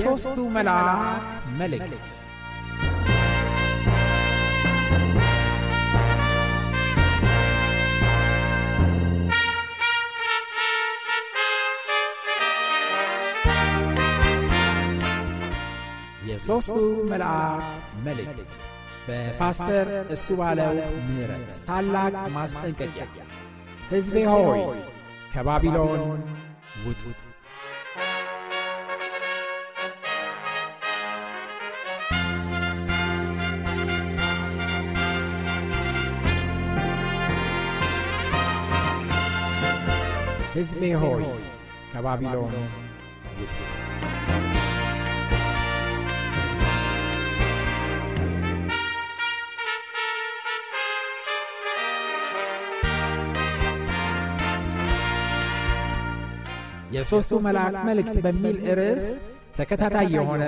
የሦስቱ መልአክ መልእክት የሦስቱ መልአክ መልእክት በፓስተር እሱ ባለው ምሕረት ታላቅ ማስጠንቀቂያ ሕዝቤ ሆይ ከባቢሎን ውጡት ሕዝቤ ሆይ ከባቢሎን የሦስቱ መልአክ መልእክት በሚል ርዕስ ተከታታይ የሆነ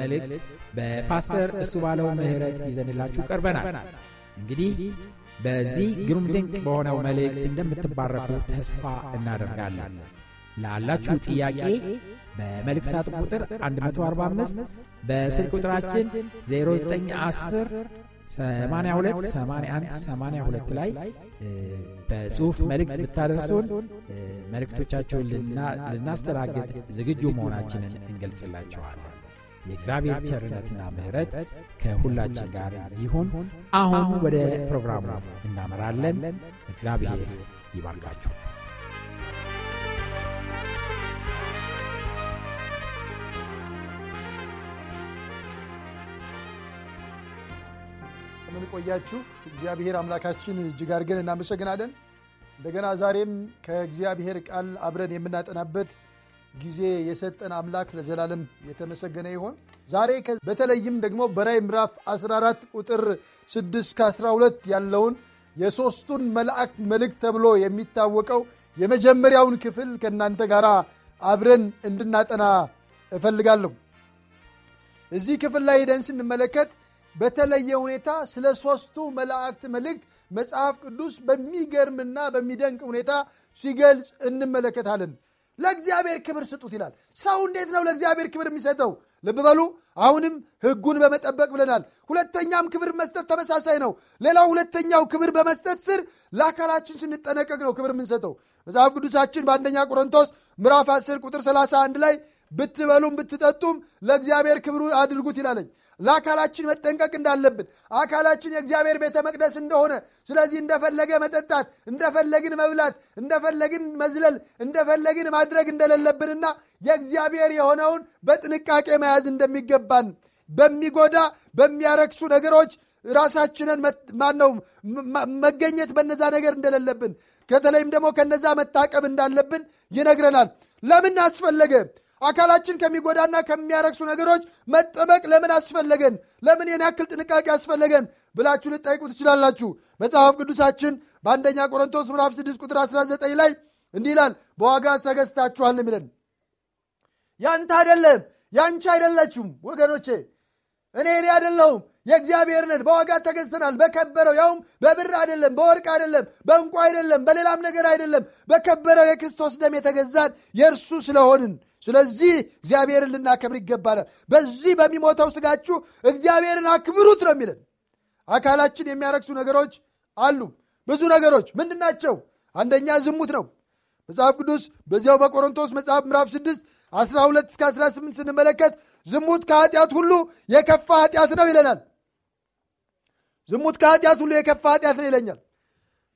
መልእክት በፓስተር እሱ ባለው ምህረት ይዘንላችሁ ቀርበናል። እንግዲህ በዚህ ግሩም ድንቅ በሆነው መልእክት እንደምትባረኩ ተስፋ እናደርጋለን። ላላችሁ ጥያቄ በመልእክት ሳጥን ቁጥር 145 በስልክ ቁጥራችን 0910 82 81 82 ላይ በጽሁፍ መልእክት ብታደርሱን መልእክቶቻቸውን ልናስተናግድ ዝግጁ መሆናችንን እንገልጽላችኋለን። የእግዚአብሔር ቸርነትና ምሕረት ከሁላችን ጋር ይሁን። አሁን ወደ ፕሮግራሙ እናመራለን። እግዚአብሔር ይባርካችሁ። ምን ቆያችሁ። እግዚአብሔር አምላካችን እጅግ አድርገን እናመሰግናለን። እንደገና ዛሬም ከእግዚአብሔር ቃል አብረን የምናጠናበት ጊዜ የሰጠን አምላክ ለዘላለም የተመሰገነ ይሆን። ዛሬ በተለይም ደግሞ በራይ ምራፍ 14 ቁጥር 6 ከ12 ያለውን የሦስቱን መልአክ መልእክት ተብሎ የሚታወቀው የመጀመሪያውን ክፍል ከእናንተ ጋር አብረን እንድናጠና እፈልጋለሁ። እዚህ ክፍል ላይ ደን ስንመለከት በተለየ ሁኔታ ስለ ሦስቱ መላእክት መልእክት መጽሐፍ ቅዱስ በሚገርምና በሚደንቅ ሁኔታ ሲገልጽ እንመለከታለን። ለእግዚአብሔር ክብር ስጡት ይላል። ሰው እንዴት ነው ለእግዚአብሔር ክብር የሚሰጠው? ልብ በሉ። አሁንም ህጉን በመጠበቅ ብለናል። ሁለተኛም ክብር መስጠት ተመሳሳይ ነው። ሌላው ሁለተኛው ክብር በመስጠት ስር ለአካላችን ስንጠነቀቅ ነው ክብር የምንሰጠው። መጽሐፍ ቅዱሳችን በአንደኛ ቆሮንቶስ ምዕራፍ 10 ቁጥር 31 ላይ ብትበሉም ብትጠጡም ለእግዚአብሔር ክብሩ አድርጉት ይላለኝ። ለአካላችን መጠንቀቅ እንዳለብን አካላችን የእግዚአብሔር ቤተ መቅደስ እንደሆነ፣ ስለዚህ እንደፈለገ መጠጣት፣ እንደፈለግን መብላት፣ እንደፈለግን መዝለል፣ እንደፈለግን ማድረግ እንደሌለብንና የእግዚአብሔር የሆነውን በጥንቃቄ መያዝ እንደሚገባን በሚጎዳ በሚያረክሱ ነገሮች ራሳችንን ማነው መገኘት በነዛ ነገር እንደሌለብን ከተለይም ደግሞ ከነዛ መታቀብ እንዳለብን ይነግረናል። ለምን አስፈለገ? አካላችን ከሚጎዳና ከሚያረክሱ ነገሮች መጠበቅ ለምን አስፈለገን? ለምን የን ያክል ጥንቃቄ አስፈለገን ብላችሁ ልጠይቁ ትችላላችሁ። መጽሐፍ ቅዱሳችን በአንደኛ ቆሮንቶስ ምዕራፍ 6 ቁጥር 19 ላይ እንዲህ ይላል፣ በዋጋ ተገዝታችኋል የሚለን ያንተ አይደለም ያንቺ አይደለችም ወገኖቼ፣ እኔ እኔ አይደለሁም የእግዚአብሔር ነን። በዋጋ ተገዝተናል። በከበረው ያውም በብር አይደለም፣ በወርቅ አይደለም፣ በእንቁ አይደለም፣ በሌላም ነገር አይደለም። በከበረው የክርስቶስ ደም የተገዛን የእርሱ ስለሆንን ስለዚህ እግዚአብሔርን ልናከብር ይገባናል። በዚህ በሚሞተው ስጋችሁ እግዚአብሔርን አክብሩት ነው የሚለን። አካላችን የሚያረክሱ ነገሮች አሉ። ብዙ ነገሮች ምንድን ናቸው? አንደኛ ዝሙት ነው። መጽሐፍ ቅዱስ በዚያው በቆሮንቶስ መጽሐፍ ምዕራፍ 6 12 እስከ 18 ስንመለከት ዝሙት ከኃጢአት ሁሉ የከፋ ኃጢአት ነው ይለናል። ዝሙት ከኃጢአት ሁሉ የከፋ ኃጢአት ነው ይለኛል።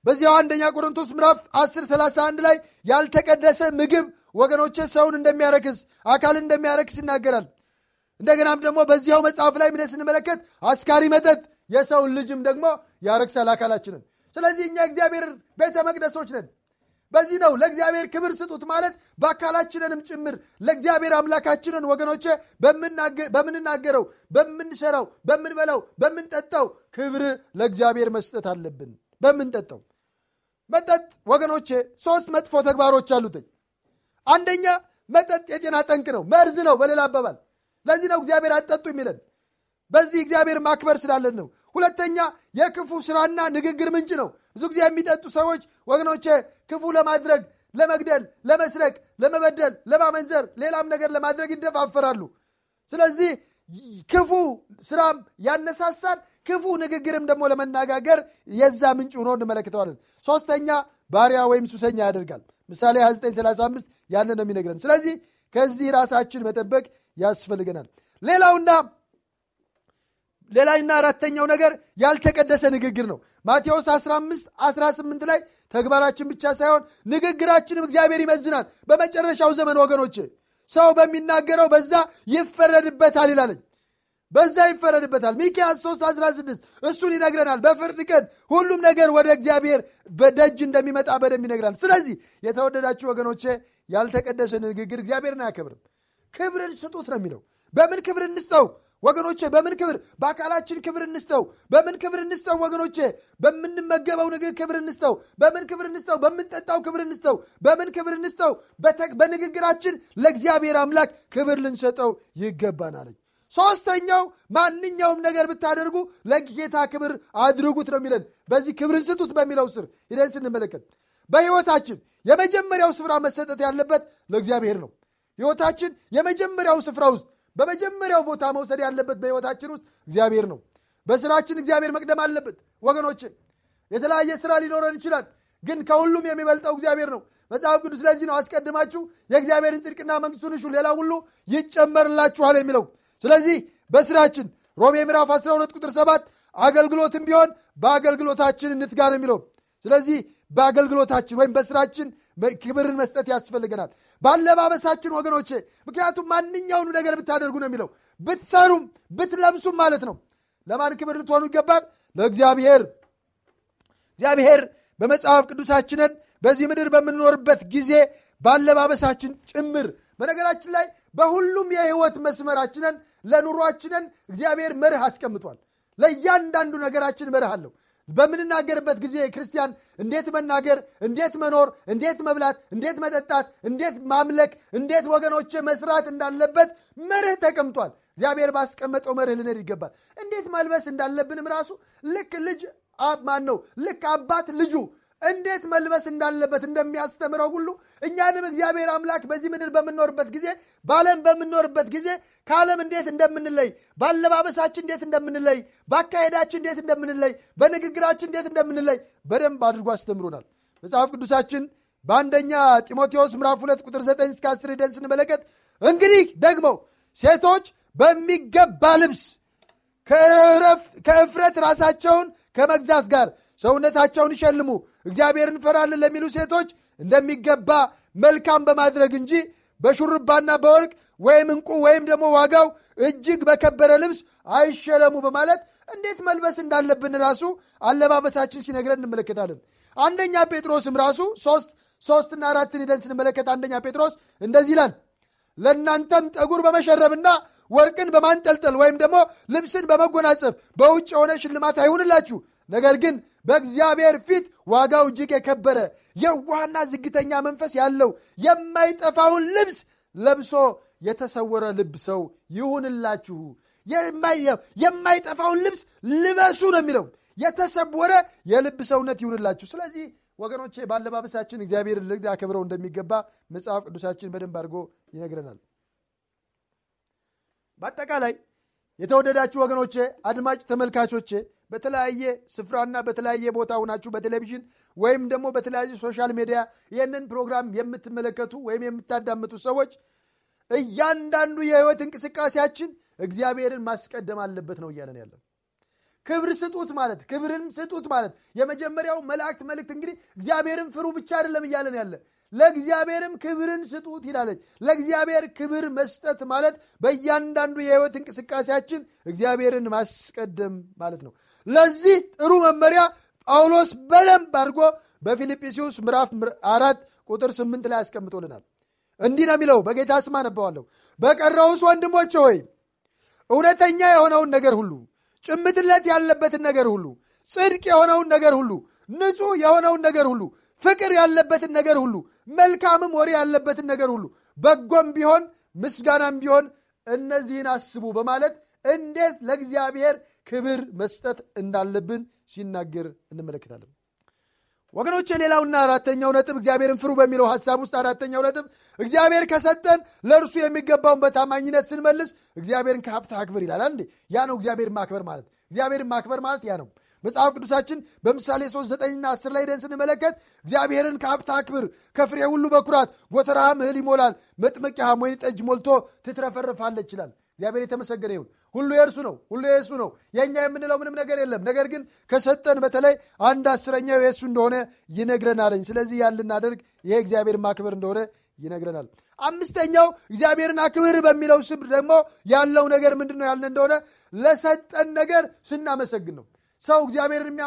በዚያው አንደኛ ቆሮንቶስ ምዕራፍ 10 31 ላይ ያልተቀደሰ ምግብ ወገኖች ሰውን እንደሚያረክስ አካልን እንደሚያረክስ ይናገራል። እንደገናም ደግሞ በዚያው መጽሐፍ ላይ ምን ስንመለከት አስካሪ መጠጥ የሰውን ልጅም ደግሞ ያረክሳል አካላችንን። ስለዚህ እኛ እግዚአብሔር ቤተ መቅደሶች ነን። በዚህ ነው ለእግዚአብሔር ክብር ስጡት ማለት በአካላችንንም ጭምር ለእግዚአብሔር አምላካችንን ወገኖቼ በምንናገረው፣ በምንሰራው፣ በምንበላው፣ በምንጠጣው ክብር ለእግዚአብሔር መስጠት አለብን። በምንጠጣው መጠጥ ወገኖቼ ሶስት መጥፎ ተግባሮች አሉትኝ አንደኛ መጠጥ የጤና ጠንቅ ነው፣ መርዝ ነው በሌላ አባባል። ለዚህ ነው እግዚአብሔር አጠጡ የሚለን በዚህ እግዚአብሔር ማክበር ስላለን ነው። ሁለተኛ የክፉ ስራና ንግግር ምንጭ ነው። ብዙ ጊዜ የሚጠጡ ሰዎች ወገኖቼ ክፉ ለማድረግ ለመግደል፣ ለመስረቅ፣ ለመበደል፣ ለማመንዘር፣ ሌላም ነገር ለማድረግ ይደፋፈራሉ። ስለዚህ ክፉ ስራም ያነሳሳል፣ ክፉ ንግግርም ደግሞ ለመነጋገር የዛ ምንጭ ሆኖ እንመለከተዋለን። ሶስተኛ ባሪያ ወይም ሱሰኛ ያደርጋል። ምሳሌ 935 ያን ነው የሚነግረን። ስለዚህ ከዚህ ራሳችን መጠበቅ ያስፈልገናል። ሌላውና ሌላይና አራተኛው ነገር ያልተቀደሰ ንግግር ነው። ማቴዎስ 15 18 ላይ ተግባራችን ብቻ ሳይሆን ንግግራችንም እግዚአብሔር ይመዝናል በመጨረሻው ዘመን ወገኖች ሰው በሚናገረው በዛ ይፈረድበታል ይላለኝ። በዛ ይፈረድበታል። ሚኪያስ 3 16 እሱን ይነግረናል። በፍርድ ቀን ሁሉም ነገር ወደ እግዚአብሔር በደጅ እንደሚመጣ በደንብ ይነግራል። ስለዚህ የተወደዳችሁ ወገኖቼ ያልተቀደሰ ንግግር እግዚአብሔርን አያከብርም። ክብርን ስጡት ነው የሚለው። በምን ክብር እንስጠው ወገኖቼ? በምን ክብር? በአካላችን ክብር እንስጠው። በምን ክብር እንስጠው ወገኖቼ? በምንመገበው ንግግር ክብር እንስጠው። በምን ክብር እንስጠው? በምንጠጣው ክብር እንስጠው። በምን ክብር እንስጠው? በንግግራችን ለእግዚአብሔር አምላክ ክብር ልንሰጠው ይገባናል። ሶስተኛው ማንኛውም ነገር ብታደርጉ ለጌታ ክብር አድርጉት ነው የሚለን በዚህ ክብርን ስጡት በሚለው ስር ሂደን ስንመለከት በህይወታችን የመጀመሪያው ስፍራ መሰጠት ያለበት ለእግዚአብሔር ነው ህይወታችን የመጀመሪያው ስፍራ ውስጥ በመጀመሪያው ቦታ መውሰድ ያለበት በህይወታችን ውስጥ እግዚአብሔር ነው በስራችን እግዚአብሔር መቅደም አለበት ወገኖችን የተለያየ ስራ ሊኖረን ይችላል ግን ከሁሉም የሚበልጠው እግዚአብሔር ነው መጽሐፍ ቅዱስ ስለዚህ ነው አስቀድማችሁ የእግዚአብሔርን ጽድቅና መንግስቱን እሹ ሌላ ሁሉ ይጨመርላችኋል የሚለው ስለዚህ በስራችን ሮሜ ምዕራፍ 12 ቁጥር 7 አገልግሎትም ቢሆን በአገልግሎታችን እንትጋ ነው የሚለው ስለዚህ በአገልግሎታችን ወይም በስራችን ክብርን መስጠት ያስፈልገናል ባለባበሳችን ወገኖቼ ምክንያቱም ማንኛውኑ ነገር ብታደርጉ ነው የሚለው ብትሰሩም ብትለብሱም ማለት ነው ለማን ክብር ልትሆኑ ይገባል ለእግዚአብሔር እግዚአብሔር በመጽሐፍ ቅዱሳችንን በዚህ ምድር በምንኖርበት ጊዜ ባለባበሳችን ጭምር በነገራችን ላይ በሁሉም የህይወት መስመራችንን ለኑሯችንን እግዚአብሔር መርህ አስቀምጧል ለእያንዳንዱ ነገራችን መርህ አለው በምንናገርበት ጊዜ ክርስቲያን እንዴት መናገር እንዴት መኖር እንዴት መብላት እንዴት መጠጣት እንዴት ማምለክ እንዴት ወገኖች መስራት እንዳለበት መርህ ተቀምጧል እግዚአብሔር ባስቀመጠው መርህ ልንሄድ ይገባል እንዴት ማልበስ እንዳለብንም ራሱ ልክ ልጅ ማን ነው ልክ አባት ልጁ እንዴት መልበስ እንዳለበት እንደሚያስተምረው ሁሉ እኛንም እግዚአብሔር አምላክ በዚህ ምድር በምኖርበት ጊዜ በዓለም በምኖርበት ጊዜ ከዓለም እንዴት እንደምንለይ፣ በአለባበሳችን እንዴት እንደምንለይ፣ ባካሄዳችን እንዴት እንደምንለይ፣ በንግግራችን እንዴት እንደምንለይ በደንብ አድርጎ አስተምሮናል። መጽሐፍ ቅዱሳችን በአንደኛ ጢሞቴዎስ ምራፍ 2 ቁጥር 9 እስከ 10 ደን ስንመለከት እንግዲህ ደግሞ ሴቶች በሚገባ ልብስ ከእፍረት ራሳቸውን ከመግዛት ጋር ሰውነታቸውን ይሸልሙ፣ እግዚአብሔርን እንፈራለን ለሚሉ ሴቶች እንደሚገባ መልካም በማድረግ እንጂ በሹርባና በወርቅ ወይም እንቁ ወይም ደግሞ ዋጋው እጅግ በከበረ ልብስ አይሸለሙ በማለት እንዴት መልበስ እንዳለብን ራሱ አለባበሳችን ሲነግረን እንመለከታለን። አንደኛ ጴጥሮስም ራሱ ሶስት ሶስትና አራትን ሂደን ስንመለከት አንደኛ ጴጥሮስ እንደዚህ ይላል ለእናንተም ጠጉር በመሸረብና ወርቅን በማንጠልጠል ወይም ደግሞ ልብስን በመጎናጸፍ በውጭ የሆነ ሽልማት አይሁንላችሁ ነገር ግን በእግዚአብሔር ፊት ዋጋው እጅግ የከበረ የዋህና ዝግተኛ መንፈስ ያለው የማይጠፋውን ልብስ ለብሶ የተሰወረ ልብ ሰው ይሁንላችሁ የማይጠፋውን ልብስ ልበሱ ነው የሚለው የተሰወረ የልብ ሰውነት ይሁንላችሁ ስለዚህ ወገኖቼ ባለባበሳችን እግዚአብሔር ልናከብረው እንደሚገባ መጽሐፍ ቅዱሳችን በደንብ አድርጎ ይነግረናል በአጠቃላይ የተወደዳችሁ ወገኖቼ አድማጭ ተመልካቾቼ በተለያየ ስፍራና በተለያየ ቦታ ሁናችሁ በቴሌቪዥን ወይም ደግሞ በተለያዩ ሶሻል ሚዲያ ይህንን ፕሮግራም የምትመለከቱ ወይም የምታዳምጡ ሰዎች እያንዳንዱ የህይወት እንቅስቃሴያችን እግዚአብሔርን ማስቀደም አለበት ነው እያለን ያለው ክብር ስጡት ማለት ክብርን ስጡት ማለት የመጀመሪያው መላእክት መልእክት እንግዲህ እግዚአብሔርን ፍሩ ብቻ አይደለም እያለን ያለ ለእግዚአብሔርም ክብርን ስጡት ይላለች ለእግዚአብሔር ክብር መስጠት ማለት በእያንዳንዱ የህይወት እንቅስቃሴያችን እግዚአብሔርን ማስቀደም ማለት ነው ለዚህ ጥሩ መመሪያ ጳውሎስ በደንብ አድርጎ በፊልጵስዩስ ምዕራፍ አራት ቁጥር ስምንት ላይ አስቀምጦልናል። እንዲህ ነው የሚለው፣ በጌታ ስማ አነባዋለሁ። በቀረውስ ወንድሞች ሆይ እውነተኛ የሆነውን ነገር ሁሉ፣ ጭምትነት ያለበትን ነገር ሁሉ፣ ጽድቅ የሆነውን ነገር ሁሉ፣ ንጹሕ የሆነውን ነገር ሁሉ፣ ፍቅር ያለበትን ነገር ሁሉ፣ መልካምም ወሬ ያለበትን ነገር ሁሉ፣ በጎም ቢሆን ምስጋናም ቢሆን እነዚህን አስቡ በማለት እንዴት ለእግዚአብሔር ክብር መስጠት እንዳለብን ሲናገር እንመለከታለን። ወገኖች ሌላውና አራተኛው ነጥብ እግዚአብሔርን ፍሩ በሚለው ሀሳብ ውስጥ አራተኛው ነጥብ እግዚአብሔር ከሰጠን ለእርሱ የሚገባውን በታማኝነት ስንመልስ እግዚአብሔርን ከሀብት አክብር ይላል። አንዴ ያ ነው እግዚአብሔር ማክበር ማለት። እግዚአብሔርን ማክበር ማለት ያ ነው። መጽሐፍ ቅዱሳችን በምሳሌ 3 9ና 10 ላይ ደን ስንመለከት እግዚአብሔርን ከሀብት አክብር፣ ከፍሬ ሁሉ በኩራት ጎተራህም እህል ይሞላል፣ መጥመቂያህም ወይን ጠጅ ሞልቶ ትትረፈርፋለች ይችላል እግዚአብሔር የተመሰገነ ይሁን። ሁሉ የእርሱ ነው። ሁሉ የእሱ ነው። የእኛ የምንለው ምንም ነገር የለም። ነገር ግን ከሰጠን በተለይ አንድ አስረኛው የእሱ እንደሆነ ይነግረናለኝ። ስለዚህ ያን ልናደርግ ይሄ እግዚአብሔር ማክበር እንደሆነ ይነግረናል። አምስተኛው እግዚአብሔርን አክብር በሚለው ስብ ደግሞ ያለው ነገር ምንድን ነው ያልን እንደሆነ ለሰጠን ነገር ስናመሰግን ነው። ሰው እግዚአብሔርን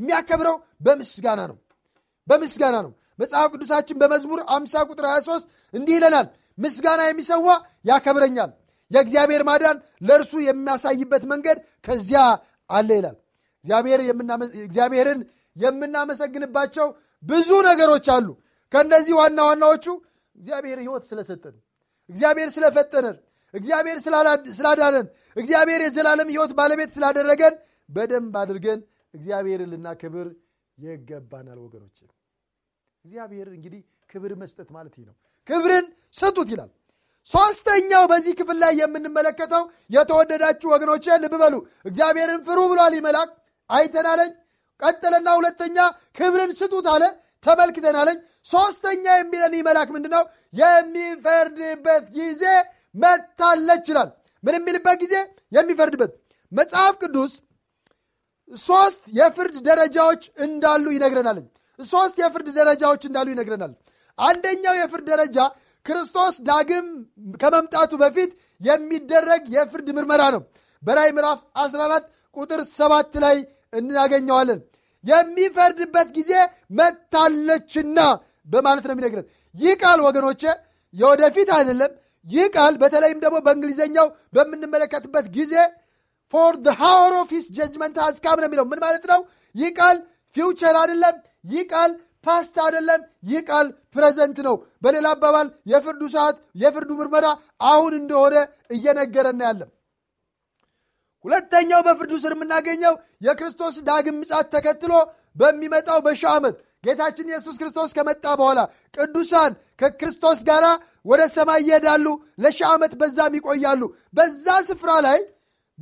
የሚያከብረው በምስጋና ነው። በምስጋና ነው። መጽሐፍ ቅዱሳችን በመዝሙር አምሳ ቁጥር 23 እንዲህ ይለናል ምስጋና የሚሰዋ ያከብረኛል። የእግዚአብሔር ማዳን ለእርሱ የሚያሳይበት መንገድ ከዚያ አለ ይላል። እግዚአብሔርን የምናመሰግንባቸው ብዙ ነገሮች አሉ። ከእነዚህ ዋና ዋናዎቹ እግዚአብሔር ህይወት ስለሰጠን፣ እግዚአብሔር ስለፈጠነን፣ እግዚአብሔር ስላዳነን፣ እግዚአብሔር የዘላለም ህይወት ባለቤት ስላደረገን በደንብ አድርገን እግዚአብሔርን ልናከብር ይገባናል። ወገኖች እግዚአብሔር እንግዲህ ክብር መስጠት ማለት ይህ ነው። ክብርን ስጡት ይላል። ሶስተኛው በዚህ ክፍል ላይ የምንመለከተው የተወደዳችሁ ወገኖች ልብ በሉ፣ እግዚአብሔርን ፍሩ ብሏል ይመላክ አይተናለኝ። ቀጠለና ሁለተኛ ክብርን ስጡት አለ ተመልክተናለኝ። ሶስተኛ የሚለን ይመላክ ምንድን ነው? የሚፈርድበት ጊዜ መታለች ይላል። ምን የሚልበት ጊዜ? የሚፈርድበት መጽሐፍ ቅዱስ ሶስት የፍርድ ደረጃዎች እንዳሉ ይነግረናል። ሶስት የፍርድ ደረጃዎች እንዳሉ ይነግረናል። አንደኛው የፍርድ ደረጃ ክርስቶስ ዳግም ከመምጣቱ በፊት የሚደረግ የፍርድ ምርመራ ነው። በራይ ምዕራፍ 14 ቁጥር 7 ላይ እናገኘዋለን። የሚፈርድበት ጊዜ መታለችና በማለት ነው የሚነግረን። ይህ ቃል ወገኖቼ የወደፊት አይደለም። ይህ ቃል በተለይም ደግሞ በእንግሊዝኛው በምንመለከትበት ጊዜ ፎር ዘ ሃወር ኦፍ ሂስ ጀጅመንት አዝካም ነው የሚለው። ምን ማለት ነው? ይህ ቃል ፊውቸር አይደለም። ይህ ቃል ፓስት አይደለም። ይህ ቃል ፕሬዘንት ነው። በሌላ አባባል የፍርዱ ሰዓት የፍርዱ ምርመራ አሁን እንደሆነ እየነገረን ያለም። ሁለተኛው በፍርዱ ስር የምናገኘው የክርስቶስ ዳግም ምጻት ተከትሎ በሚመጣው በሺህ ዓመት ጌታችን ኢየሱስ ክርስቶስ ከመጣ በኋላ ቅዱሳን ከክርስቶስ ጋር ወደ ሰማይ ይሄዳሉ። ለሺህ ዓመት በዛም ይቆያሉ። በዛ ስፍራ ላይ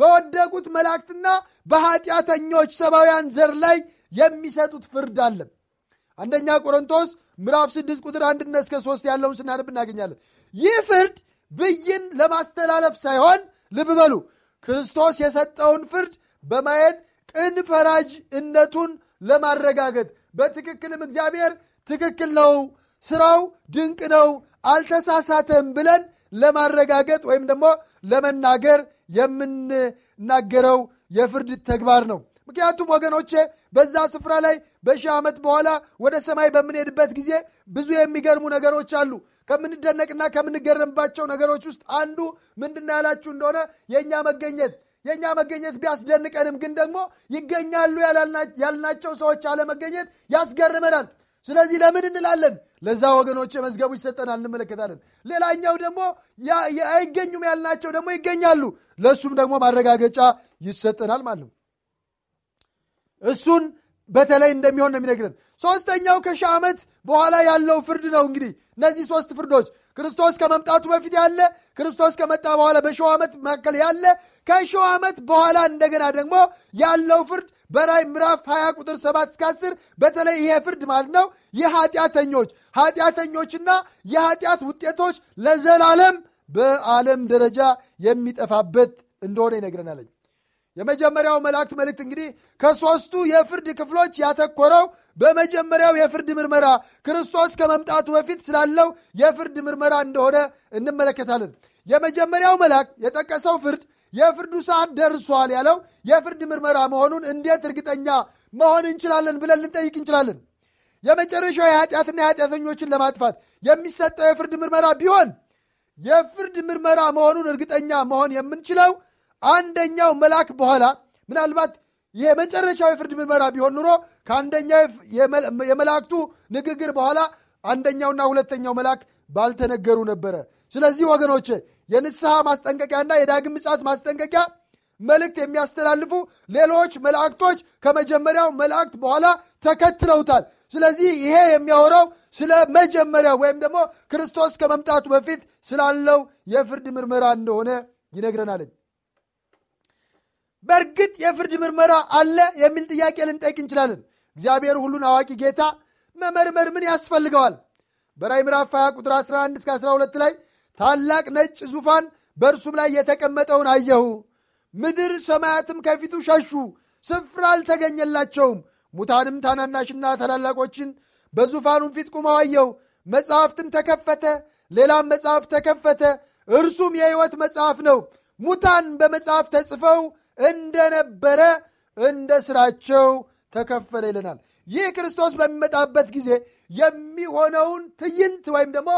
በወደቁት መላእክትና በኃጢአተኞች ሰብአውያን ዘር ላይ የሚሰጡት ፍርድ አለም። አንደኛ ቆሮንቶስ ምዕራፍ 6 ቁጥር አንድና እስከ 3 ያለውን ስናነብ እናገኛለን። ይህ ፍርድ ብይን ለማስተላለፍ ሳይሆን ልብ በሉ ክርስቶስ የሰጠውን ፍርድ በማየት ቅን ፈራጅነቱን ለማረጋገጥ በትክክልም እግዚአብሔር ትክክል ነው፣ ስራው ድንቅ ነው፣ አልተሳሳተም ብለን ለማረጋገጥ ወይም ደግሞ ለመናገር የምንናገረው የፍርድ ተግባር ነው። ምክንያቱም ወገኖቼ በዛ ስፍራ ላይ በሺህ ዓመት በኋላ ወደ ሰማይ በምንሄድበት ጊዜ ብዙ የሚገርሙ ነገሮች አሉ። ከምንደነቅና ከምንገረምባቸው ነገሮች ውስጥ አንዱ ምንድን ያላችሁ እንደሆነ የእኛ መገኘት የእኛ መገኘት ቢያስደንቀንም ግን ደግሞ ይገኛሉ ያልናቸው ሰዎች አለመገኘት ያስገርመናል። ስለዚህ ለምን እንላለን? ለዛ ወገኖች መዝገቡ ይሰጠናል፣ እንመለከታለን። ሌላኛው ደግሞ አይገኙም ያልናቸው ደግሞ ይገኛሉ፣ ለእሱም ደግሞ ማረጋገጫ ይሰጠናል ማለት ነው። እሱን በተለይ እንደሚሆን ነው የሚነግረን። ሶስተኛው ከሺ ዓመት በኋላ ያለው ፍርድ ነው። እንግዲህ እነዚህ ሶስት ፍርዶች ክርስቶስ ከመምጣቱ በፊት ያለ፣ ክርስቶስ ከመጣ በኋላ በሺው ዓመት መካከል ያለ፣ ከሺው ዓመት በኋላ እንደገና ደግሞ ያለው ፍርድ በራይ ምዕራፍ 20 ቁጥር 7 እስከ 10 በተለይ ይሄ ፍርድ ማለት ነው የኃጢአተኞች ኃጢአተኞችና የኃጢአት ውጤቶች ለዘላለም በዓለም ደረጃ የሚጠፋበት እንደሆነ ይነግረናለኝ። የመጀመሪያው መላእክት መልእክት እንግዲህ ከሦስቱ የፍርድ ክፍሎች ያተኮረው በመጀመሪያው የፍርድ ምርመራ ክርስቶስ ከመምጣቱ በፊት ስላለው የፍርድ ምርመራ እንደሆነ እንመለከታለን። የመጀመሪያው መልአክ የጠቀሰው ፍርድ የፍርዱ ሰዓት ደርሷል ያለው የፍርድ ምርመራ መሆኑን እንዴት እርግጠኛ መሆን እንችላለን ብለን ልንጠይቅ እንችላለን። የመጨረሻው የኃጢአትና የኃጢአተኞችን ለማጥፋት የሚሰጠው የፍርድ ምርመራ ቢሆን የፍርድ ምርመራ መሆኑን እርግጠኛ መሆን የምንችለው አንደኛው መልአክ በኋላ ምናልባት የመጨረሻው የፍርድ ምርመራ ቢሆን ኑሮ ከአንደኛው የመላእክቱ ንግግር በኋላ አንደኛውና ሁለተኛው መልአክ ባልተነገሩ ነበረ። ስለዚህ ወገኖች የንስሐ ማስጠንቀቂያና የዳግም ምጽአት ማስጠንቀቂያ መልእክት የሚያስተላልፉ ሌሎች መላእክቶች ከመጀመሪያው መላእክት በኋላ ተከትለውታል። ስለዚህ ይሄ የሚያወራው ስለ መጀመሪያው ወይም ደግሞ ክርስቶስ ከመምጣቱ በፊት ስላለው የፍርድ ምርመራ እንደሆነ ይነግረናል። በእርግጥ የፍርድ ምርመራ አለ የሚል ጥያቄ ልንጠይቅ እንችላለን። እግዚአብሔር ሁሉን አዋቂ ጌታ መመርመር ምን ያስፈልገዋል? በራይ ምዕራፍ 20 ቁጥር 11 እስከ 12 ላይ ታላቅ ነጭ ዙፋን በእርሱም ላይ የተቀመጠውን አየሁ። ምድር ሰማያትም ከፊቱ ሸሹ፣ ስፍራ አልተገኘላቸውም። ሙታንም ታናናሽና ታላላቆችን በዙፋኑም ፊት ቁመው አየሁ። መጽሐፍትም ተከፈተ፣ ሌላም መጽሐፍ ተከፈተ፣ እርሱም የሕይወት መጽሐፍ ነው። ሙታን በመጽሐፍ ተጽፈው እንደነበረ እንደ ስራቸው ተከፈለ ይለናል። ይህ ክርስቶስ በሚመጣበት ጊዜ የሚሆነውን ትዕይንት ወይም ደግሞ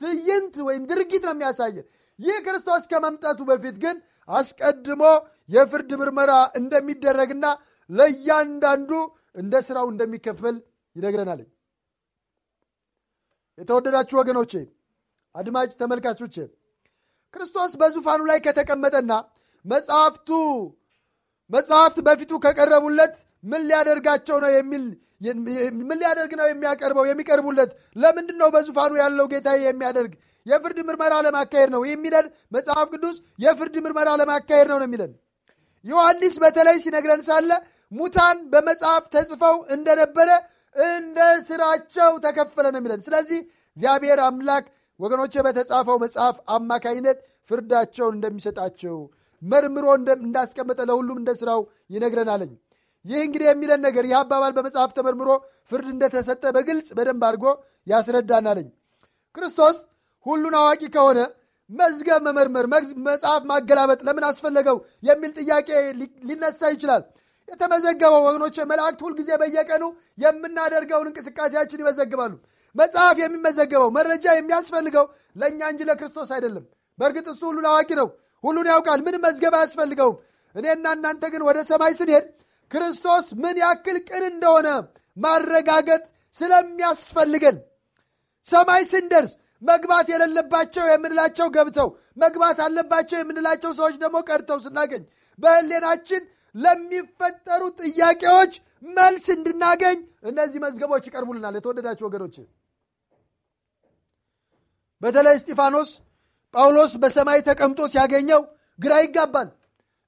ትዕይንት ወይም ድርጊት ነው የሚያሳየን። ይህ ክርስቶስ ከመምጣቱ በፊት ግን አስቀድሞ የፍርድ ምርመራ እንደሚደረግና ለእያንዳንዱ እንደ ስራው እንደሚከፈል ይነግረናል። የተወደዳችሁ ወገኖቼ፣ አድማጭ ተመልካቾቼ ክርስቶስ በዙፋኑ ላይ ከተቀመጠና መጽሐፍቱ መጽሐፍት በፊቱ ከቀረቡለት ምን ሊያደርጋቸው ነው የሚል ምን ሊያደርግ ነው የሚያቀርበው የሚቀርቡለት ለምንድን ነው በዙፋኑ ያለው ጌታ የሚያደርግ የፍርድ ምርመራ ለማካሄድ ነው የሚለን መጽሐፍ ቅዱስ የፍርድ ምርመራ ለማካሄድ ነው ነው የሚለን ዮሐንስ በተለይ ሲነግረን ሳለ ሙታን በመጽሐፍ ተጽፈው እንደነበረ እንደ ስራቸው ተከፈለ ነው የሚለን ስለዚህ እግዚአብሔር አምላክ ወገኖቼ በተጻፈው መጽሐፍ አማካኝነት ፍርዳቸውን እንደሚሰጣቸው መርምሮ እንዳስቀመጠ ለሁሉም እንደ ስራው ይነግረናለኝ። ይህ እንግዲህ የሚለን ነገር ይህ አባባል በመጽሐፍ ተመርምሮ ፍርድ እንደተሰጠ በግልጽ በደንብ አድርጎ ያስረዳናለኝ። ክርስቶስ ሁሉን አዋቂ ከሆነ መዝገብ መመርመር፣ መጽሐፍ ማገላበጥ ለምን አስፈለገው የሚል ጥያቄ ሊነሳ ይችላል። የተመዘገበው ወገኖች፣ መላእክት ሁልጊዜ በየቀኑ የምናደርገውን እንቅስቃሴያችን ይመዘግባሉ። መጽሐፍ የሚመዘገበው መረጃ የሚያስፈልገው ለእኛ እንጂ ለክርስቶስ አይደለም። በእርግጥ እሱ ሁሉን አዋቂ ነው። ሁሉን ያውቃል። ምን መዝገብ አያስፈልገውም። እኔና እናንተ ግን ወደ ሰማይ ስንሄድ ክርስቶስ ምን ያክል ቅን እንደሆነ ማረጋገጥ ስለሚያስፈልገን ሰማይ ስንደርስ መግባት የሌለባቸው የምንላቸው ገብተው መግባት አለባቸው የምንላቸው ሰዎች ደግሞ ቀርተው ስናገኝ በህሌናችን ለሚፈጠሩ ጥያቄዎች መልስ እንድናገኝ እነዚህ መዝገቦች ይቀርቡልናል። የተወደዳቸው ወገኖች በተለይ እስጢፋኖስ ጳውሎስ በሰማይ ተቀምጦ ሲያገኘው ግራ ይጋባል።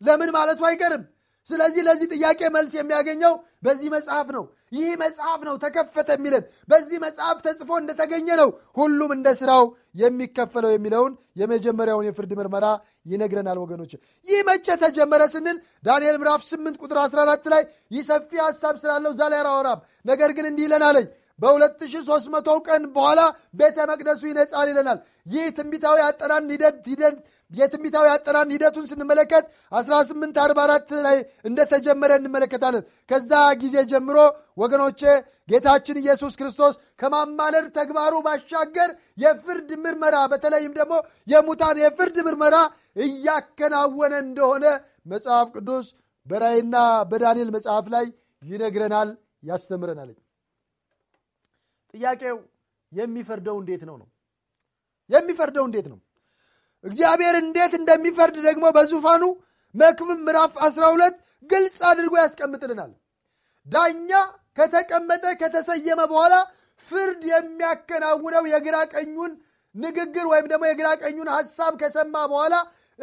ለምን ማለቱ አይቀርም። ስለዚህ ለዚህ ጥያቄ መልስ የሚያገኘው በዚህ መጽሐፍ ነው። ይህ መጽሐፍ ነው ተከፈተ የሚለን በዚህ መጽሐፍ ተጽፎ እንደተገኘ ነው። ሁሉም እንደ ስራው የሚከፈለው የሚለውን የመጀመሪያውን የፍርድ ምርመራ ይነግረናል። ወገኖች ይህ መቼ ተጀመረ ስንል ዳንኤል ምዕራፍ 8 ቁጥር 14 ላይ ይህ ሰፊ ስላለው እዛ ላይ ነገር ግን እንዲህ ይለናለኝ በ2300 ቀን በኋላ ቤተ መቅደሱ ይነጻል ይለናል። ይህ ትንቢታዊ አጠናን ሂደት የትንቢታዊ አጠናን ሂደቱን ስንመለከት 1844 ላይ እንደተጀመረ እንመለከታለን። ከዛ ጊዜ ጀምሮ ወገኖቼ ጌታችን ኢየሱስ ክርስቶስ ከማማለድ ተግባሩ ባሻገር የፍርድ ምርመራ በተለይም ደግሞ የሙታን የፍርድ ምርመራ እያከናወነ እንደሆነ መጽሐፍ ቅዱስ በራይና በዳንኤል መጽሐፍ ላይ ይነግረናል፣ ያስተምረናል። ጥያቄው የሚፈርደው እንዴት ነው ነው የሚፈርደው እንዴት ነው እግዚአብሔር እንዴት እንደሚፈርድ ደግሞ በዙፋኑ መክብብ ምዕራፍ 12 ግልጽ አድርጎ ያስቀምጥልናል ዳኛ ከተቀመጠ ከተሰየመ በኋላ ፍርድ የሚያከናውነው የግራ ቀኙን ንግግር ወይም ደግሞ የግራ ቀኙን ሀሳብ ከሰማ በኋላ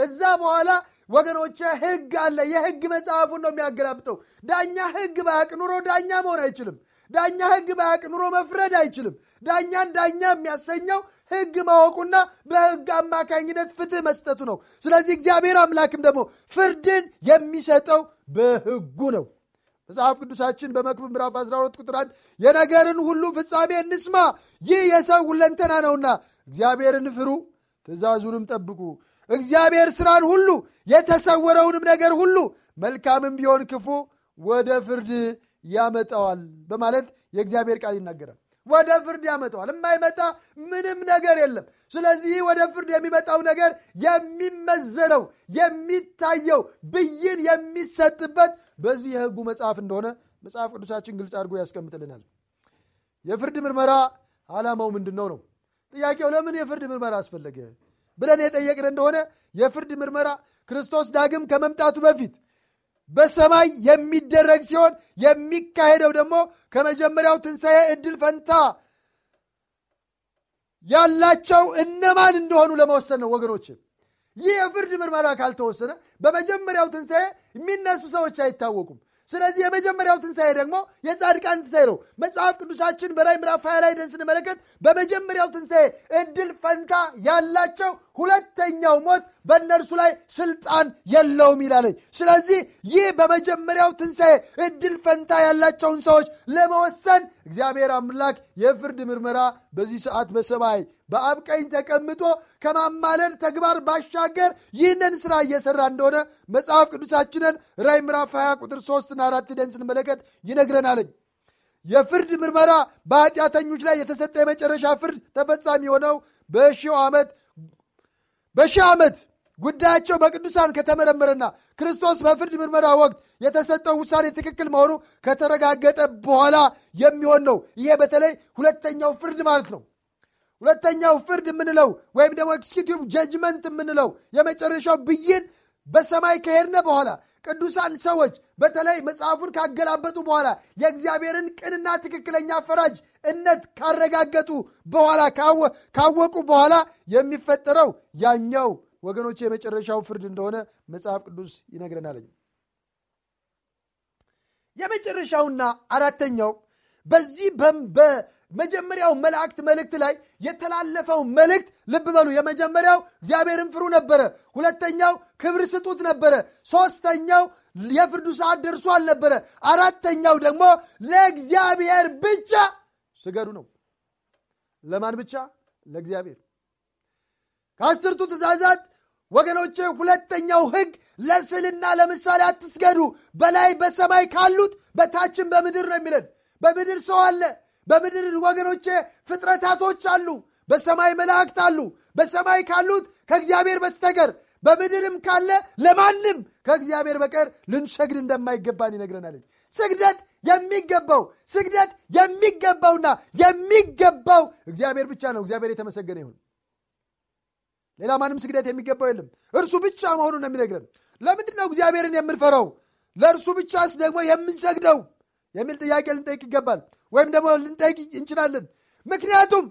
እዛ በኋላ ወገኖቼ ህግ አለ የህግ መጽሐፉን ነው የሚያገላብጠው ዳኛ ህግ ባያቅ ኑሮ ዳኛ መሆን አይችልም ዳኛ ህግ ባያውቅ ኑሮ መፍረድ አይችልም። ዳኛን ዳኛ የሚያሰኘው ህግ ማወቁና በህግ አማካኝነት ፍትህ መስጠቱ ነው። ስለዚህ እግዚአብሔር አምላክም ደግሞ ፍርድን የሚሰጠው በህጉ ነው። መጽሐፍ ቅዱሳችን በመክብብ ምዕራፍ 12 ቁጥር 1 የነገርን ሁሉ ፍጻሜ እንስማ፣ ይህ የሰው ሁለንተና ነውና እግዚአብሔርን ፍሩ፣ ትእዛዙንም ጠብቁ። እግዚአብሔር ስራን ሁሉ የተሰወረውንም ነገር ሁሉ መልካምም ቢሆን ክፉ ወደ ፍርድ ያመጣዋል በማለት የእግዚአብሔር ቃል ይናገራል። ወደ ፍርድ ያመጣዋል። የማይመጣ ምንም ነገር የለም። ስለዚህ ወደ ፍርድ የሚመጣው ነገር የሚመዘነው፣ የሚታየው፣ ብይን የሚሰጥበት በዚህ የህጉ መጽሐፍ እንደሆነ መጽሐፍ ቅዱሳችን ግልጽ አድርጎ ያስቀምጥልናል። የፍርድ ምርመራ አላማው ምንድን ነው ነው ጥያቄው። ለምን የፍርድ ምርመራ አስፈለገ ብለን የጠየቅን እንደሆነ የፍርድ ምርመራ ክርስቶስ ዳግም ከመምጣቱ በፊት በሰማይ የሚደረግ ሲሆን የሚካሄደው ደግሞ ከመጀመሪያው ትንሣኤ እድል ፈንታ ያላቸው እነማን እንደሆኑ ለመወሰን ነው ወገኖች። ይህ የፍርድ ምርመራ ካልተወሰነ በመጀመሪያው ትንሣኤ የሚነሱ ሰዎች አይታወቁም። ስለዚህ የመጀመሪያው ትንሣኤ ደግሞ የጻድቃን ትንሣኤ ነው። መጽሐፍ ቅዱሳችን በላይ ምራፍ ላይ ደን ስንመለከት በመጀመሪያው ትንሣኤ እድል ፈንታ ያላቸው ሁለተኛው ሞት በእነርሱ ላይ ስልጣን የለውም ይላለኝ ስለዚህ ይህ በመጀመሪያው ትንሣኤ እድል ፈንታ ያላቸውን ሰዎች ለመወሰን እግዚአብሔር አምላክ የፍርድ ምርመራ በዚህ ሰዓት በሰማይ በአብቀኝ ተቀምጦ ከማማለድ ተግባር ባሻገር ይህንን ስራ እየሰራ እንደሆነ መጽሐፍ ቅዱሳችንን ራይ ምራፍ 20 ቁጥር 3 እና 4 ደን ስንመለከት ይነግረናለኝ። የፍርድ ምርመራ በኃጢአተኞች ላይ የተሰጠ የመጨረሻ ፍርድ ተፈጻሚ የሆነው በሺው ዓመት በሺህ ዓመት ጉዳያቸው በቅዱሳን ከተመረመረና ክርስቶስ በፍርድ ምርመራ ወቅት የተሰጠው ውሳኔ ትክክል መሆኑ ከተረጋገጠ በኋላ የሚሆን ነው። ይሄ በተለይ ሁለተኛው ፍርድ ማለት ነው። ሁለተኛው ፍርድ የምንለው ወይም ደግሞ ኤክስኪዩቲቭ ጀጅመንት የምንለው የመጨረሻው ብይን በሰማይ ከሄድነ በኋላ ቅዱሳን ሰዎች በተለይ መጽሐፉን ካገላበጡ በኋላ የእግዚአብሔርን ቅንና ትክክለኛ እነት ካረጋገጡ በኋላ ካወቁ በኋላ የሚፈጠረው ያኛው ወገኖች የመጨረሻው ፍርድ እንደሆነ መጽሐፍ ቅዱስ ይነግረናል። የመጨረሻውና አራተኛው በዚህ መጀመሪያው መላእክት መልእክት ላይ የተላለፈው መልእክት ልብ በሉ። የመጀመሪያው እግዚአብሔርን ፍሩ ነበረ። ሁለተኛው ክብር ስጡት ነበረ። ሶስተኛው የፍርዱ ሰዓት ደርሶ ነበረ። አራተኛው ደግሞ ለእግዚአብሔር ብቻ ስገዱ ነው። ለማን ብቻ? ለእግዚአብሔር። ከአስርቱ ትእዛዛት ወገኖች ሁለተኛው ህግ ለስዕልና ለምሳሌ አትስገዱ፣ በላይ በሰማይ ካሉት በታችን በምድር ነው የሚለን። በምድር ሰው አለ በምድር ወገኖቼ ፍጥረታቶች አሉ፣ በሰማይ መላእክት አሉ። በሰማይ ካሉት ከእግዚአብሔር በስተቀር በምድርም ካለ ለማንም ከእግዚአብሔር በቀር ልንሰግድ እንደማይገባን ይነግረናል። ስግደት የሚገባው ስግደት የሚገባውና የሚገባው እግዚአብሔር ብቻ ነው። እግዚአብሔር የተመሰገነ ይሁን። ሌላ ማንም ስግደት የሚገባው የለም። እርሱ ብቻ መሆኑን ነው የሚነግረን። ለምንድን ነው እግዚአብሔርን የምንፈራው? ለእርሱ ብቻስ ደግሞ የምንሰግደው የሚል ጥያቄ ልንጠይቅ ይገባል፣ ወይም ደግሞ ልንጠይቅ እንችላለን። ምክንያቱም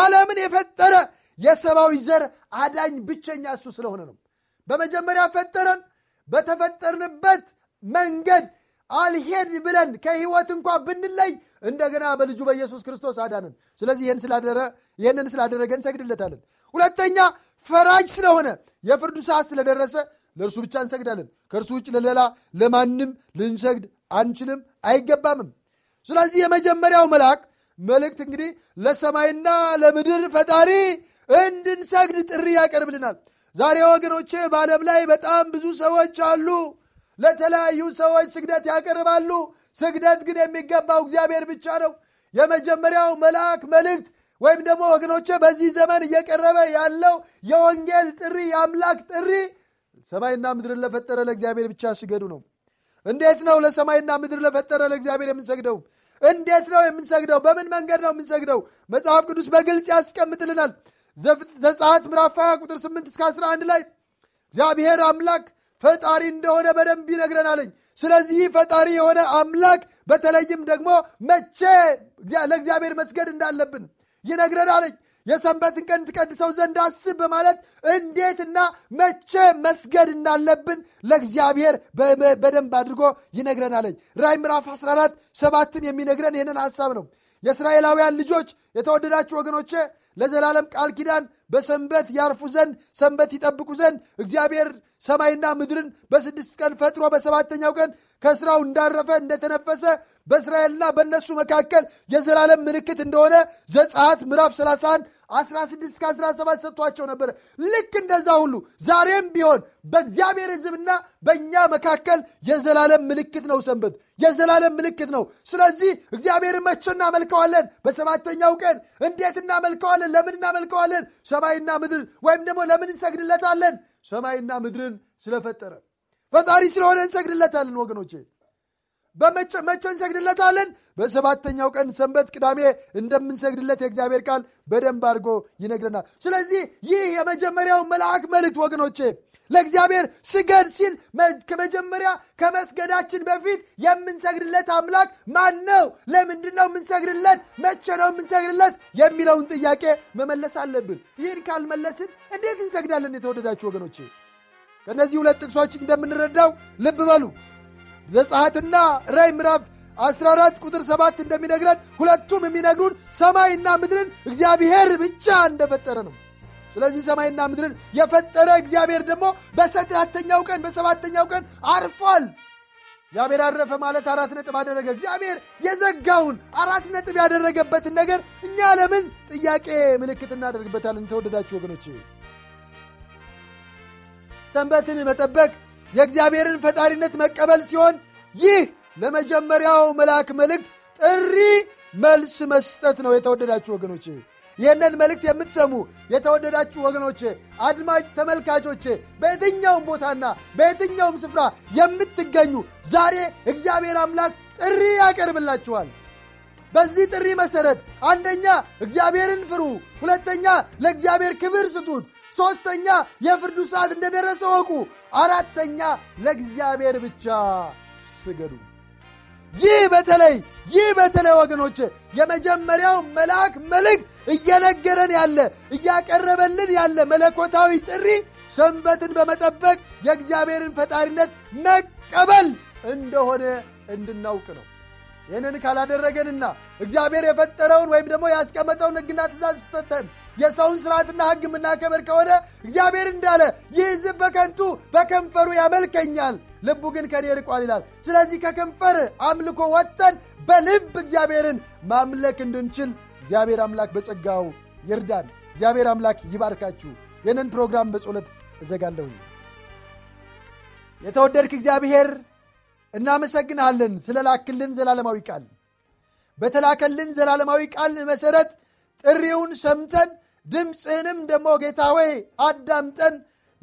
ዓለምን የፈጠረ የሰብአዊ ዘር አዳኝ ብቸኛ እሱ ስለሆነ ነው። በመጀመሪያ ፈጠረን። በተፈጠርንበት መንገድ አልሄድ ብለን ከህይወት እንኳ ብንለይ እንደገና በልጁ በኢየሱስ ክርስቶስ አዳንን። ስለዚህ ይህንን ስላደረገ እንሰግድለታለን። ሁለተኛ ፈራጅ ስለሆነ የፍርዱ ሰዓት ስለደረሰ ለእርሱ ብቻ እንሰግዳለን። ከእርሱ ውጭ ለሌላ ለማንም ልንሰግድ አንችልም፣ አይገባምም። ስለዚህ የመጀመሪያው መልአክ መልእክት እንግዲህ ለሰማይና ለምድር ፈጣሪ እንድንሰግድ ጥሪ ያቀርብልናል። ዛሬ ወገኖቼ በዓለም ላይ በጣም ብዙ ሰዎች አሉ። ለተለያዩ ሰዎች ስግደት ያቀርባሉ። ስግደት ግን የሚገባው እግዚአብሔር ብቻ ነው። የመጀመሪያው መልአክ መልእክት ወይም ደግሞ ወገኖቼ በዚህ ዘመን እየቀረበ ያለው የወንጌል ጥሪ፣ የአምላክ ጥሪ ሰማይና ምድርን ለፈጠረ ለእግዚአብሔር ብቻ ስገዱ ነው። እንዴት ነው ለሰማይና ምድር ለፈጠረ ለእግዚአብሔር የምንሰግደው? እንዴት ነው የምንሰግደው? በምን መንገድ ነው የምንሰግደው? መጽሐፍ ቅዱስ በግልጽ ያስቀምጥልናል። ዘጸአት ምዕራፍ 20 ቁጥር 8 እስከ 11 ላይ እግዚአብሔር አምላክ ፈጣሪ እንደሆነ በደንብ ይነግረናለኝ። ስለዚህ ፈጣሪ የሆነ አምላክ በተለይም ደግሞ መቼ ለእግዚአብሔር መስገድ እንዳለብን ይነግረናለኝ። የሰንበትን ቀን ትቀድሰው ዘንድ አስብ በማለት እንዴትና መቼ መስገድ እንዳለብን ለእግዚአብሔር በደንብ አድርጎ ይነግረናለኝ ራይ ምዕራፍ 14 ሰባትም የሚነግረን ይህንን ሐሳብ ነው የእስራኤላውያን ልጆች የተወደዳችሁ ወገኖቼ ለዘላለም ቃል ኪዳን በሰንበት ያርፉ ዘንድ ሰንበት ይጠብቁ ዘንድ እግዚአብሔር ሰማይና ምድርን በስድስት ቀን ፈጥሮ በሰባተኛው ቀን ከስራው እንዳረፈ እንደተነፈሰ በእስራኤልና በእነሱ መካከል የዘላለም ምልክት እንደሆነ ዘጸአት ምዕራፍ 31 16 17 ሰጥቷቸው ነበረ። ልክ እንደዛ ሁሉ ዛሬም ቢሆን በእግዚአብሔር ሕዝብና በእኛ መካከል የዘላለም ምልክት ነው። ሰንበት የዘላለም ምልክት ነው። ስለዚህ እግዚአብሔርን መቼ እናመልከዋለን? በሰባተኛው ቀን። እንዴት እናመልከዋለን? ለምን እናመልከዋለን? ሰማይና ምድርን ወይም ደግሞ ለምን እንሰግድለታለን? ሰማይና ምድርን ስለፈጠረ ፈጣሪ ስለሆነ እንሰግድለታለን ወገኖቼ በመቼ እንሰግድለታለን? በሰባተኛው ቀን ሰንበት ቅዳሜ እንደምንሰግድለት የእግዚአብሔር ቃል በደንብ አድርጎ ይነግረናል። ስለዚህ ይህ የመጀመሪያው መልአክ መልእክት ወገኖቼ ለእግዚአብሔር ስገድ ሲል ከመጀመሪያ ከመስገዳችን በፊት የምንሰግድለት አምላክ ማን ነው? ለምንድን ነው የምንሰግድለት? መቼ ነው የምንሰግድለት? የሚለውን ጥያቄ መመለስ አለብን። ይህን ካልመለስን እንዴት እንሰግዳለን? የተወደዳችሁ ወገኖቼ ከእነዚህ ሁለት ጥቅሶች እንደምንረዳው ልብ በሉ ዘጸአትና ራይ ምዕራፍ 14 ቁጥር 7 እንደሚነግረን ሁለቱም የሚነግሩን ሰማይና ምድርን እግዚአብሔር ብቻ እንደፈጠረ ነው። ስለዚህ ሰማይና ምድርን የፈጠረ እግዚአብሔር ደግሞ በሰባተኛው ቀን በሰባተኛው ቀን አርፏል። እግዚአብሔር አረፈ ማለት አራት ነጥብ አደረገ። እግዚአብሔር የዘጋውን አራት ነጥብ ያደረገበትን ነገር እኛ ለምን ጥያቄ ምልክት እናደርግበታለን? ተወደዳችሁ ወገኖች ሰንበትን መጠበቅ የእግዚአብሔርን ፈጣሪነት መቀበል ሲሆን ይህ ለመጀመሪያው መልአክ መልእክት ጥሪ መልስ መስጠት ነው። የተወደዳችሁ ወገኖቼ ይህንን መልእክት የምትሰሙ የተወደዳችሁ ወገኖቼ፣ አድማጭ ተመልካቾቼ፣ በየትኛውም ቦታና በየትኛውም ስፍራ የምትገኙ ዛሬ እግዚአብሔር አምላክ ጥሪ ያቀርብላችኋል። በዚህ ጥሪ መሠረት አንደኛ እግዚአብሔርን ፍሩ፣ ሁለተኛ ለእግዚአብሔር ክብር ስጡት፣ ሦስተኛ የፍርዱ ሰዓት እንደደረሰ ወቁ። አራተኛ ለእግዚአብሔር ብቻ ስገዱ። ይህ በተለይ ይህ በተለይ ወገኖች የመጀመሪያው መልአክ መልእክት እየነገረን ያለ እያቀረበልን ያለ መለኮታዊ ጥሪ ሰንበትን በመጠበቅ የእግዚአብሔርን ፈጣሪነት መቀበል እንደሆነ እንድናውቅ ነው። ይህንን ካላደረገንና እግዚአብሔር የፈጠረውን ወይም ደግሞ ያስቀመጠውን ህግና ትእዛዝ ስተተን የሰውን ስርዓትና ህግ የምናከበር ከሆነ እግዚአብሔር እንዳለ ይህ ህዝብ በከንቱ በከንፈሩ ያመልከኛል፣ ልቡ ግን ከኔ ርቋል ይላል። ስለዚህ ከከንፈር አምልኮ ወጥተን በልብ እግዚአብሔርን ማምለክ እንድንችል እግዚአብሔር አምላክ በጸጋው ይርዳን። እግዚአብሔር አምላክ ይባርካችሁ። ይህንን ፕሮግራም በጸሎት እዘጋለሁኝ። የተወደድክ እግዚአብሔር እናመሰግንሃለን ስለላክልን ዘላለማዊ ቃል በተላከልን ዘላለማዊ ቃል መሰረት ጥሪውን ሰምተን ድምፅህንም ደግሞ ጌታ ወይ አዳምጠን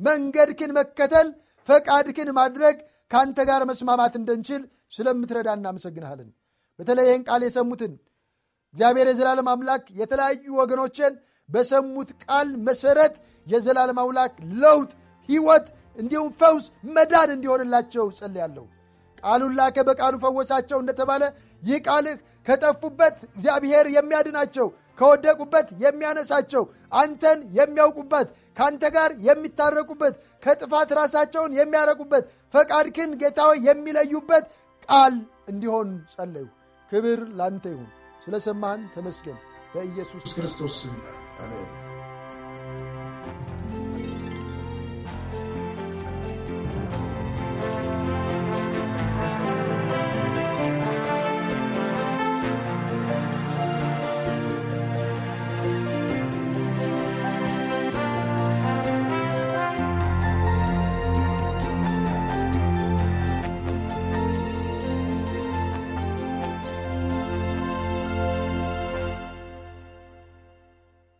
መንገድክን መከተል ፈቃድክን ማድረግ ከአንተ ጋር መስማማት እንደንችል ስለምትረዳ እናመሰግንሃለን በተለይ ይህን ቃል የሰሙትን እግዚአብሔር የዘላለም አምላክ የተለያዩ ወገኖችን በሰሙት ቃል መሰረት የዘላለም አምላክ ለውጥ ህይወት እንዲሁም ፈውስ መዳን እንዲሆንላቸው ጸልያለሁ ቃሉን ላከ፣ በቃሉ ፈወሳቸው እንደተባለ ይህ ቃልህ ከጠፉበት እግዚአብሔር የሚያድናቸው ከወደቁበት የሚያነሳቸው አንተን የሚያውቁበት ከአንተ ጋር የሚታረቁበት ከጥፋት ራሳቸውን የሚያረቁበት ፈቃድክን ጌታ የሚለዩበት ቃል እንዲሆን ጸለዩ። ክብር ላንተ ይሁን። ስለ ሰማህን ተመስገን። በኢየሱስ ክርስቶስ